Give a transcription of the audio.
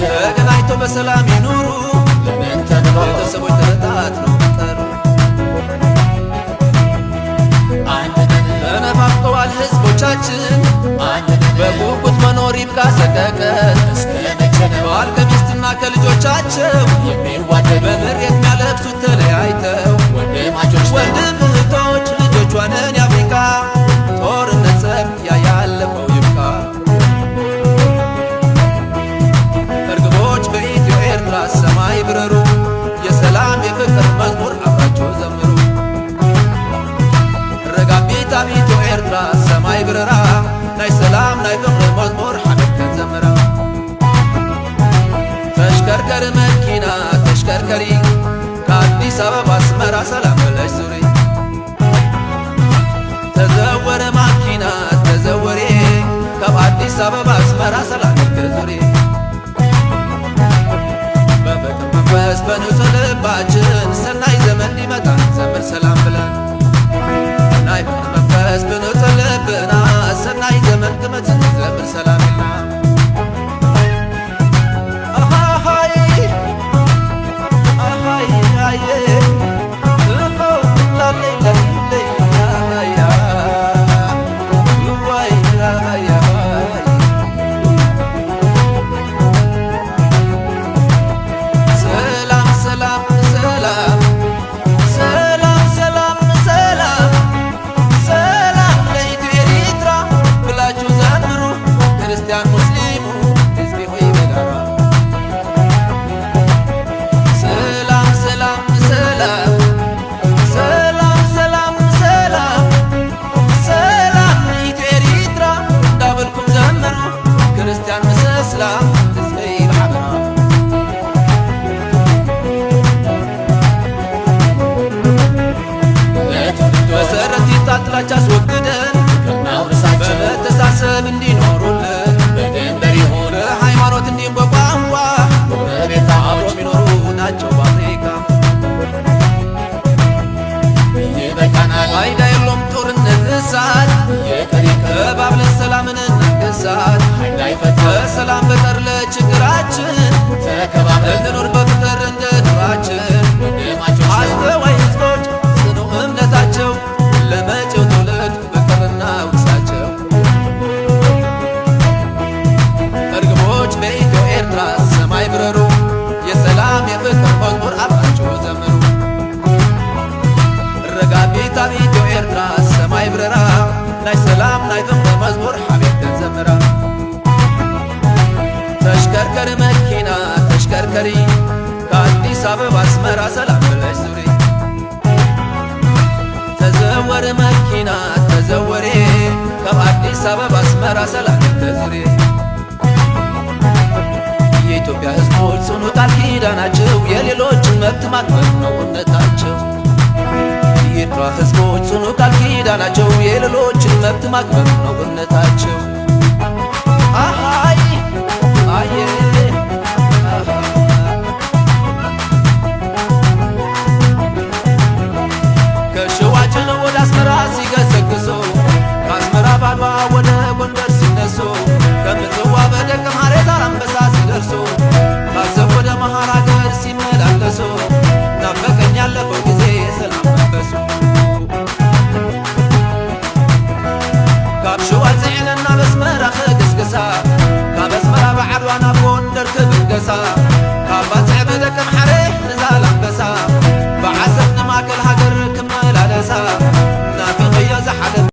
ተገናኝቶ በሰላም ይኑሩ። ቤተሰቦች ተበታትነው ጠሩ ተነፋፍቀዋል ህዝቦቻችን በጉጉት መኖር ይብቃ ሰቀቀን ባል ከሚስትና ከልጆቻቸው በምሬት የሚያለቅሱት ተለያይተው ሰላም ብለሽ ዙሪ ተዘወረ ማኪናት ተዘወሬ ከአዲስ አበባ አስመራ ጣቢ ኤርትራ ሰማይ ብረራ ናይ ሰላም ናይ ጥቕሚ መዝሙር ሓቤትን ዘምራ ተሽከርከሪ መኪና ተሽከርከሪ ከአዲስ አበባ አስመራ ሰላም ብለሽ ዙሪ ተዘወሪ መኪና ተዘወሪ ካብ አዲስ አበባ አስመራ ሰላም ተዙሪ የኢትዮጵያ ህዝቦች ጽኑ ቃል ኪዳናቸው የሌሎችን መብት ማክበር ነው ህዝቦች ጽኑ ቃል ኪዳናቸው የሌሎችን መብት ማክበር ነው አይ አየ ከሸዋ ወደ አስመራ ሲገሰግሰው ከአስመራ ባሏ ወደ दुर्गसा